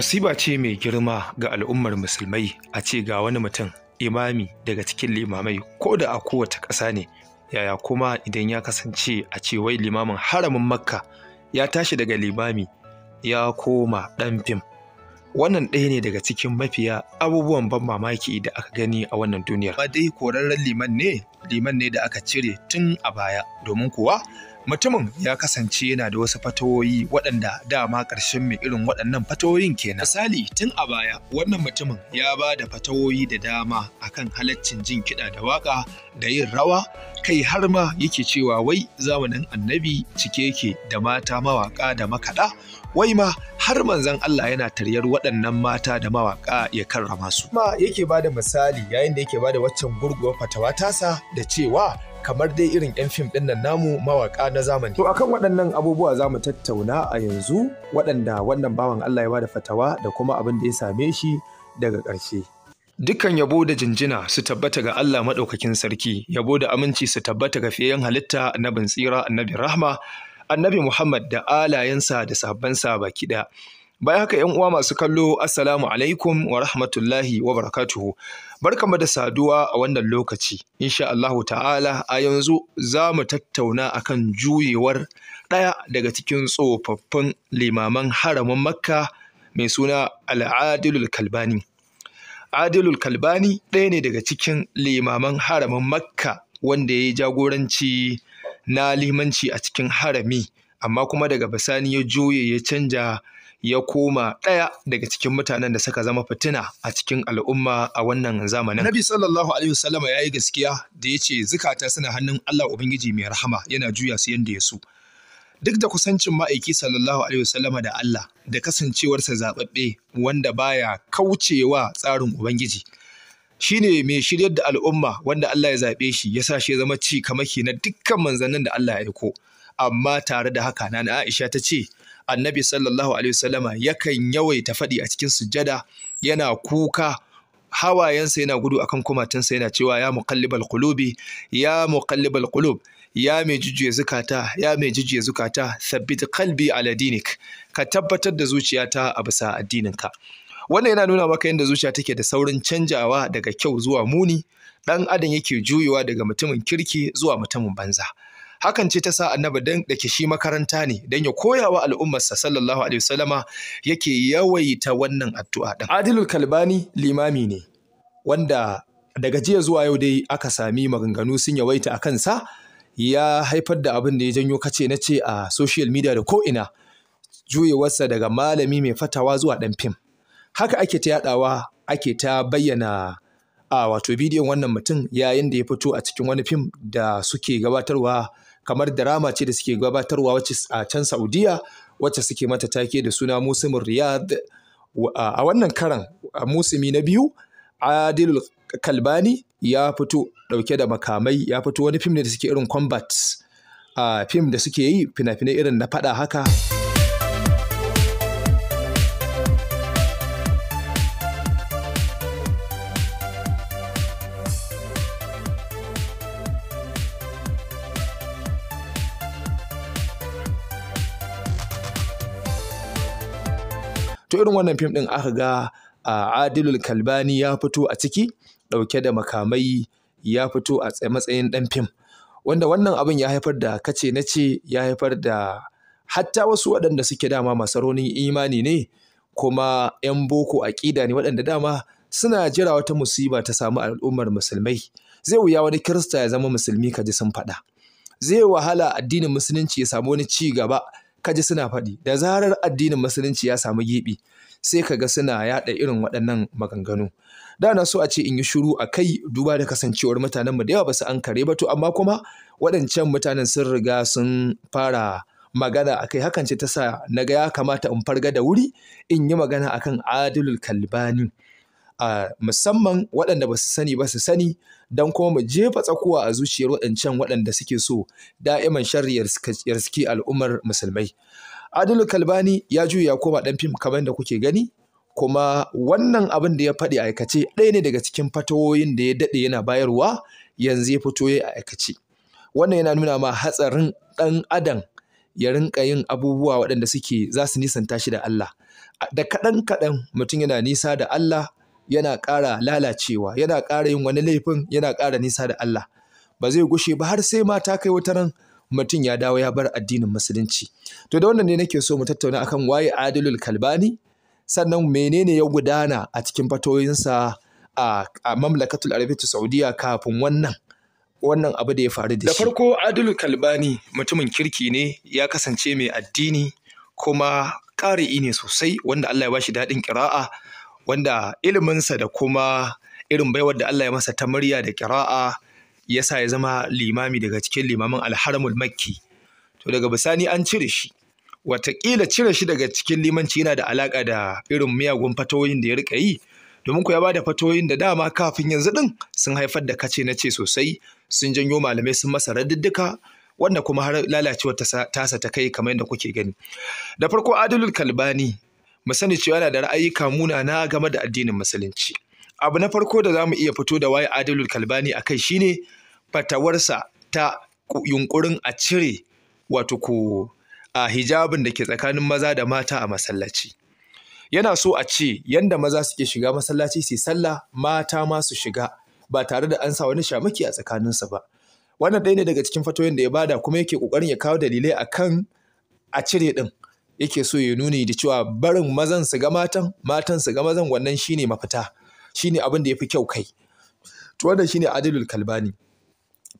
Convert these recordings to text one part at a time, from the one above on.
Musiba ce mai girma ga al'ummar musulmai a ce ga wani mutum imami daga cikin limamai ko da a kowace ƙasa ne yaya kuma idan ya kasance a ce wai limamin haramin makka ya tashi daga limami ya koma ɗan fim Wannan ɗaya ne daga cikin mafiya abubuwan ban mamaki da aka gani a wannan duniyar. Ba dai korarren liman ne, liman ne da aka cire tun a baya, domin kuwa mutumin ya kasance yana da wasu fatawoyi waɗanda dama ƙarshen mai irin waɗannan fatawoyin kenan. Misali tun a baya wannan mutumin ya ba da fatawoyi da dama akan halaccin jin kiɗa da waƙa da yin rawa kai har ma yake cewa wai zamanin annabi cike yake da mata mawaƙa da makaɗa wai ma har manzan Allah yana taryar waɗannan mata da mawaƙa ya karrama su. Ma yake ba da misali yayin da yake ba da waccan gurguwar fatawa tasa da cewa kamar dai irin 'yan fim ɗin nan namu mawaƙa na zamani. To akan waɗannan abubuwa za mu tattauna a yanzu waɗanda wannan bawan Allah ya ba da fatawa da kuma abin da ya same shi daga ƙarshe. Dukkan yabo da jinjina su tabbata ga Allah maɗaukakin sarki, yabo da aminci su tabbata ga fiyayen halitta annabin tsira annabin rahma, annabi Muhammad da alayensa da sahabbansa baki ɗaya. Bayan haka ‘yan uwa masu kallo, Assalamu alaikum wa rahmatullahi wa barakatuhu. Barkanmu da saduwa a wannan lokaci, insha Allah ta'ala a yanzu za mu tattauna akan juyewar ɗaya daga cikin tsofaffin limaman haramin Makka mai suna Al'adilul Kalbani. adilul kalbani ɗaya ne daga cikin limaman haramin makka wanda ya yi jagoranci na limanci a cikin harami amma kuma daga bisani ya juye ya canja ya koma ɗaya daga cikin mutanen da suka zama fitina a cikin al'umma a wannan zamanin. Nabi sallallahu alaihi wasallama ya yi gaskiya da ya ce zukata suna hannun Allah Ubangiji mai rahama yana juya su yanda ya so. Duk da kusancin ma'aiki sallallahu alaihi wasallama da Allah da kasancewarsa zaɓaɓɓe wanda baya kaucewa tsarin Ubangiji. Shi ne mai shiryar da al'umma wanda Allah ya zaɓe shi ya sa shi ya zama ci kamaki na dukkan manzannin da Allah ya aiko. Amma tare da haka na Aisha ta ce, Annabi sallallahu Alaihi wasallama yakan yawaita faɗi a cikin sujada yana kuka hawayensa yana gudu akan kumatinsa yana cewa ya muqallibal qulubi ya muqallibal qulub ya mai jujjuya zukata ya mai jujuye zukata sabbit qalbi ala dinik ka tabbatar da zuciyata a bisa addininka wannan yana nuna maka yadda zuciya take da saurin canjawa daga kyau zuwa muni dan adam yake juyuwa daga mutumin kirki zuwa mutumin banza hakan ce ta sa annabi dan da ke shi makaranta ne dan ya koya wa al'ummarsa sallallahu alaihi wasallama yake yawaita wannan addu'a din adilul kalbani limami ne wanda daga jiya zuwa yau dai aka sami maganganu sun yawaita a sa ya haifar da abin da ya janyo kace na ce a social media da ko'ina juyewarsa daga malami mai fatawa zuwa ɗan fim haka ake ta yaɗawa ake ta bayyana a wato bidiyon wannan mutum yayin da ya fito a cikin wani fim da suke gabatarwa kamar drama ce da suke gabatarwa wacce a can saudiya wacce suke mata take da suna musumin riyad a wannan karan musumi na biyu adilul kalbani ya fito ɗauke da makamai ya fito wani fim ne da suke irin combat a fim da suke yi fina-finai irin na faɗa haka to irin wannan fim ɗin aka ga adilul kalbani ya fito a ciki ɗauke da makamai ya fito a matsayin ɗan fim wanda wannan abin ya haifar da kace na ce ya haifar da hatta wasu waɗanda suke dama masaronin imani ne kuma 'yan boko aƙida ne waɗanda dama suna jira wata musiba ta samu al'ummar musulmai zai wuya wani kirista ya zama musulmi ka ji sun faɗa zai wahala addinin musulunci ya samu wani ci gaba ka ji suna faɗi da zarar addinin musulunci ya samu gibi sai ka ga suna yaɗa irin waɗannan maganganu da na so a ce in yi shuru a kai duba da kasancewar mutanen mu da yawa ba su an kare ba to amma kuma waɗancan mutanen sun riga sun fara magana a kai hakan ce ta sa na ga ya kamata in farga da wuri in yi magana a kan adilul kalbani a musamman waɗanda ba su sani ba su sani don kuma mu jefa tsakuwa a zuciyar waɗancan waɗanda suke so da'iman sharri yarski al'ummar musulmai Adilu Kalbani ya juya ya koma ɗan fim kamar da kuke gani kuma wannan abin da ya faɗi a aikace ɗaya ne daga cikin fatawoyin da ya daɗe yana bayarwa yanzu ya fito ya aikace wannan yana nuna ma hatsarin ɗan adam ya rinƙa yin abubuwa waɗanda suke za su nisanta shi da Allah da kaɗan kaɗan mutum yana nisa da Allah yana ƙara lalacewa yana ƙara yin wani laifin yana ƙara nisa da Allah ba zai gushe ba har sai ma ta kai wata ran mutum ya dawo ya bar addinin musulunci to da wannan ne nake so mu tattauna akan waye adilul kalbani sannan menene ya gudana a cikin fatoyinsa a mamlakatul arabiyyatu saudiya kafin wannan wannan abu da ya faru da shi da farko adilul kalbani mutumin kirki ne ya kasance mai addini kuma ƙari'i ne sosai wanda Allah ya bashi daɗin ƙira'a wanda iliminsa da kuma irin baiwar da Allah ya masa ta murya da ƙira'a ya sa ya zama limami daga cikin limamin alharamul makki to daga bisani an cire shi wataƙila cire shi daga cikin limanci yana da alaƙa da irin miyagun fatoyin da ya rika yi domin ku ya bada fatoyin da dama kafin yanzu ɗin sun haifar da kace na ce sosai sun janyo malamai sun masa raddiddika wanda kuma har lalacewar tasa ta kai kamar yadda kuke gani da farko adilul kalbani mu sani cewa yana da ra'ayi kamuna na game da addinin musulunci abu na farko da za mu iya fito da waye adilul kalbani a kai shine fatawarsa ta yunkurin a cire wato ku a hijabin da ke tsakanin maza da mata a masallaci. Yana so a ce yanda maza suke shiga masallaci su sallah mata ma su shiga ba tare da an sa wani shamaki a tsakaninsa ba. Wannan ɗaya ne daga cikin fatoyin da ya bada kuma yake ƙoƙarin ya kawo dalilai akan a cire ɗin. Yake so ya nuni da cewa barin mazan su ga matan, matan su ga mazan wannan shine mafita, shine abin da ya fi kyau kai. To wannan shine Adilul Kalbani.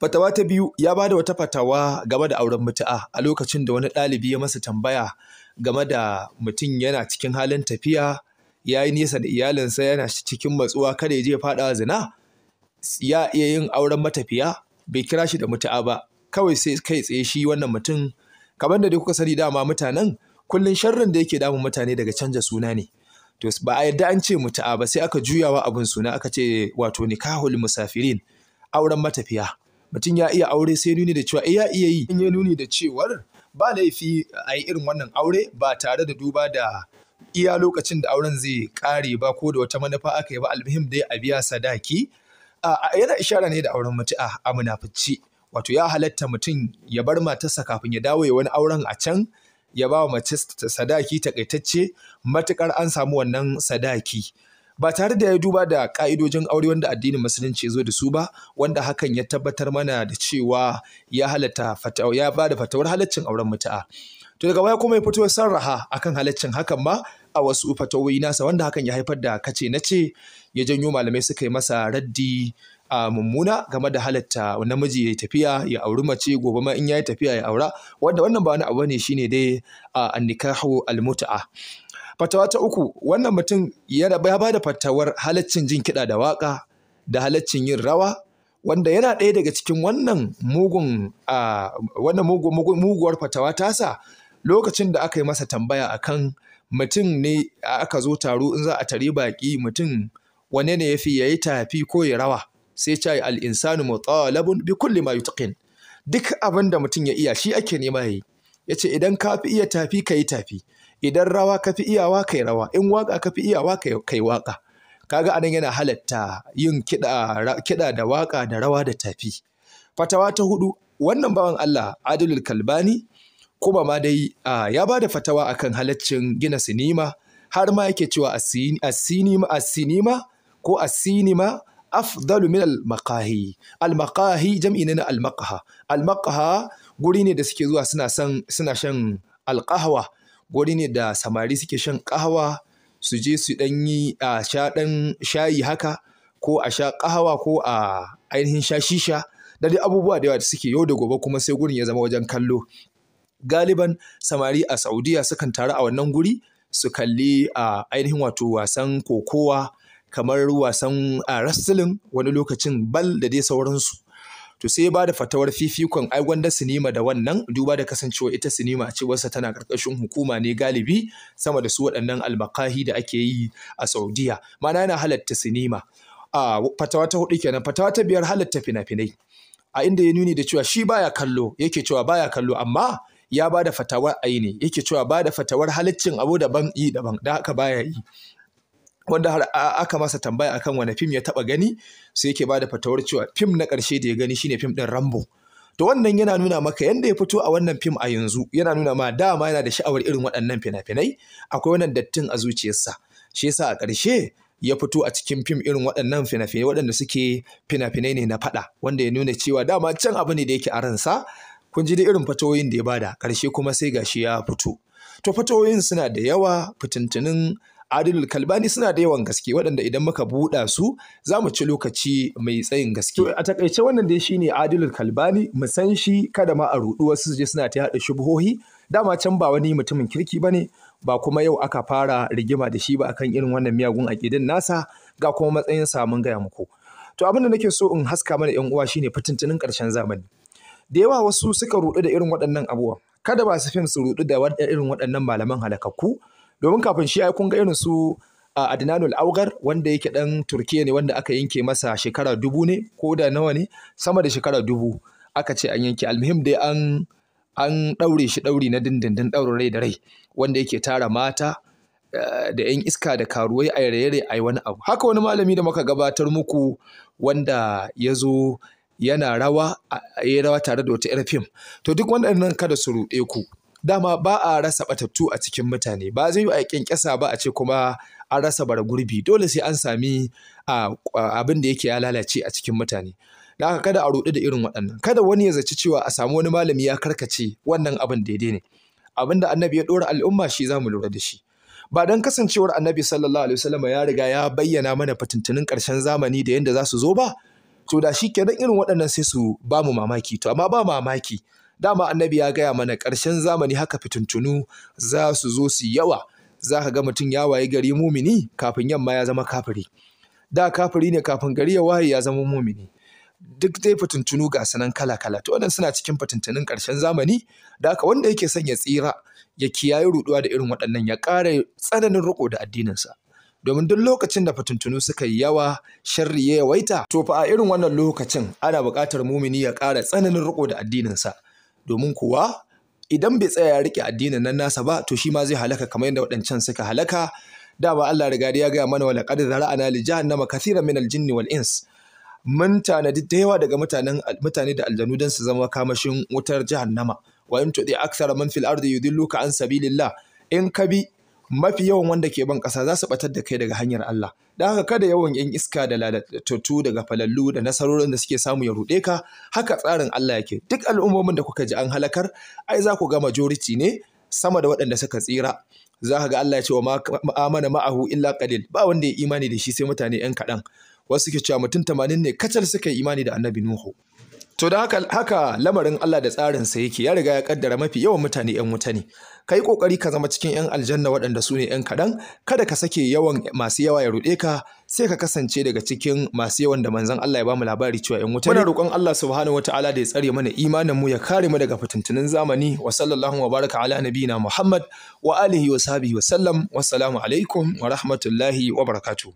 Fatawa ta biyu ya ba da wata fatawa game da auren mutu'a a lokacin da wani ɗalibi ya masa tambaya game da mutum yana cikin halin tafiya ya yi nesa da iyalinsa yana cikin matsuwa kada ya je faɗa zina ya iya yin auren matafiya bai kira shi da mutu'a ba kawai sai kai tsaye shi wannan mutum kamar da dai kuka sani dama mutanen kullum sharrin da yake damun mutane daga canja suna ne to ba a yadda an ce mutu'a ba sai aka juyawa abin suna aka ce wato nikahul musafirin auren matafiya mutum ya iya aure sai nuni da cewa eh, ya iya yi in ya nuni da cewar ba laifi a yi irin wannan aure ba tare da duba da iya lokacin da auren zai kare ba ko da wata manufa aka yi ba alhim dai a biya sadaki yana ishara ne da auren mutu'a a munafici wato ya halatta mutum ya bar matarsa kafin ya dawo ya wani auren a can ya ba wa mace sadaki takaitacce matukar an samu wannan sadaki ba tare da ya duba da ka'idojin aure wanda addinin musulunci ya zo da su ba wanda hakan ya tabbatar mana da cewa ya halatta ya ba da fatawar halaccin auren mutu'a to daga baya kuma ya fito sarraha akan halaccin hakan ma a wasu fatawoyi nasa wanda hakan ya haifar da kace na ce ya janyo malamai suka yi masa raddi a mummuna game da halatta namiji ya tafiya ya auri mace gobe ma in ya yi tafiya ya aura wanda wannan ba wani abu ne shine dai a annikahu almuta'a fatawa ta uku wannan mutum ya ba da fatawar halaccin jin kiɗa da waƙa da halaccin yin rawa wanda yana ɗaya daga cikin wannan mugun wannan muguwar fatawa tasa lokacin da aka yi masa tambaya akan mutum ne aka zo taro in za a tari baƙi mutum wane ne yafi yayi tafi ko ya rawa sai ce al insanu mutalabun bi kulli ma yutqin duk abin da mutum ya iya shi ake nema yi. ya ce idan ka fi iya tafi ka yi tafi idan rawa ka fi iyawa ka yi rawa in waka ka fi iyawa ka yi waka kaga anan yana halatta yin kiɗa da waka da rawa da tafi fatawa ta hudu wannan bawan Allah Adilul Kalbani kuma ma dai ya ba da fatawa akan halaccin gina sinima har ma yake cewa asinima ko asinima afdalu min al-maqahi al-maqahi jam'i na al-maqaha al-maqaha guri ne da suke zuwa suna shan alƙahawa guri ne da samari suke shan ƙahawa su je su ɗan yi a sha ɗan shayi haka ko a sha ƙahawa ko a ainihin sha shisha da dai abubuwa da yawa da suke yau da gobe kuma sai gurin ya zama wajen kallo galiban samari a saudiya sukan taru a wannan guri su kalli a ainihin wato wasan kokowa kamar wasan a wrestling wani lokacin bal da dai sauransu to sai ya bada fatawar fifikon ai gwanda sinima da wannan duba da kasancewa ita sinima a cewarsa tana karkashin hukuma ne galibi sama da su waɗannan almakahi da ake yi a saudiya ma'ana yana halatta sinima a fatawa ta hudu kenan fatawa ta biyar halatta fina-finai a inda ya nuni da cewa shi baya kallo yake cewa baya kallo amma ya bada fatawar aini yake cewa bada fatawar halaccin abu daban yi daban da haka baya yi wanda har aka masa tambaya akan wani fim ya taba gani sai yake bada fatawar cewa fim na karshe da ya gani shine fim ɗin Rambo to wannan yana nuna maka yanda ya fito a wannan fim a yanzu yana nuna ma dama yana da sha'awar irin waɗannan fina-finai akwai wannan dattin a zuciyarsa shi yasa a ƙarshe ya fito a cikin fim irin waɗannan fina-finai waɗanda suke fina-finai ne na faɗa wanda ya nuna cewa dama can abu ne da yake a ransa kun ji da irin fatoyin da ya bada ƙarshe kuma sai gashi ya fito to fatoyin suna da yawa fitintunin adilul kalbani suna da yawan gaske waɗanda idan muka buɗa su za mu ci lokaci mai tsayin gaske. A takaice wannan dai ne adilul kalbani mu san shi kada ma a ruɗu wasu su je suna ta yaɗa shubuhohi dama can ba wani mutumin kirki ba ne ba kuma yau aka fara rigima da shi ba akan irin wannan miyagun aƙidin nasa ga kuma matsayin samun gaya muku. To abin da nake so in haska mana ‘yan uwa shine fitintunin ƙarshen zamani. Da yawa wasu suka ruɗu da irin waɗannan abubuwan kada ba su fim su ruɗu da irin waɗannan malaman halakakku domin kafin shi ai kun ga irin su Adnanul Augar wanda yake dan Turkiya ne wanda aka yanke masa shekara dubu ne ko da nawa ne sama da shekara dubu aka ce an yanke almuhim dai an an ɗaure shi ɗauri na dindindin ɗaurin rai da rai wanda yake tara mata eh, da 'yan iska da karuwai a yare a wani abu haka wani malami da muka gabatar muku wanda ya zo yana rawa a rawa tare da wata 'yar fim to duk wanda waɗannan kada su ruɗe ku dama ba a rasa batattu a cikin mutane ba zai yi a kyankyasa ba a ce kuma an rasa bara gurbi dole sai an sami abin da yake ya lalace a cikin mutane da haka kada a ruɗu da irin waɗannan kada wani ya zaci cewa a samu wani malami ya karkace wannan abin daidai ne abin da annabi ya ɗora al'umma shi za mu lura da shi ba don kasancewar annabi sallallahu alaihi wasallam ya riga ya bayyana mana fitintunin ƙarshen zamani da yadda za su zo ba to da shi kenan irin waɗannan sai su ba mu mamaki to amma ba mamaki dama annabi ya gaya mana ƙarshen zamani haka fituntunu za su zo su yawa za ka ga mutum ya waye gari mumini kafin yamma ya zama kafiri da kafiri ne kafin gari ya waye ya zama mumini duk dai fituntunu ga sanan kala kala to wannan suna cikin fituntunun ƙarshen zamani da haka wanda yake son ya tsira ya kiyaye ruduwa da irin waɗannan ya ƙara tsananin riƙo da addininsa domin duk lokacin da fatuntunu suka yi yawa sharri ya yawaita to fa a irin wannan lokacin ana buƙatar mumini ya ƙara tsananin riƙo da addininsa domin kuwa idan bai tsaya ya rike addinin nan nasa ba to shi ma zai halaka kamar yadda waɗancan suka halaka Da ba Allah riga ya gaya mana wa laqad zara'ana li jahannama kathiran min al-jinn wal ins mun tanadi da yawa daga mutanen mutane da aljanu dan su zama kamashin wutar jahannama wa in tudi aksara man fil ardi yudilluka an sabilillah in ka bi mafi yawan wanda ke ban ƙasa za su ɓatar da kai daga hanyar Allah da haka kada yawan yan iska da lalatattu daga falallu da nasarorin da suke samu ya ruɗe ka haka tsarin Allah yake duk al'ummomin da kuka ji an halakar ai za ku ga majoriti ne sama da waɗanda suka tsira za ka ga Allah ya ce wa ma'amana ma'ahu illa kalil ba wanda ya imani da shi sai mutane yan kaɗan wasu ke cewa mutum tamanin ne kacal suka yi imani da annabi Nuhu To da haka, haka lamarin Allah da tsarinsa yake ya riga ya kaddara mafi yawan mutane 'yan wuta ne. Ka yi ƙoƙari ka zama cikin 'yan aljanna waɗanda su ne 'yan kaɗan, kada ka sake yawan masu yawa ya ruɗe ka sai ka kasance daga cikin masu yawan da manzon Allah ya bamu labari cewa 'yan wuta ne. Muna roƙon Allah subhanahu wa ta'ala da ya tsare mana imanin mu ya kare mu daga fitintunin zamani wa sallallahu wa baraka ala nabiyina Muhammad wa alihi wa sahbihi wa sallam wassalamu alaikum wa rahmatullahi wa barakatuh.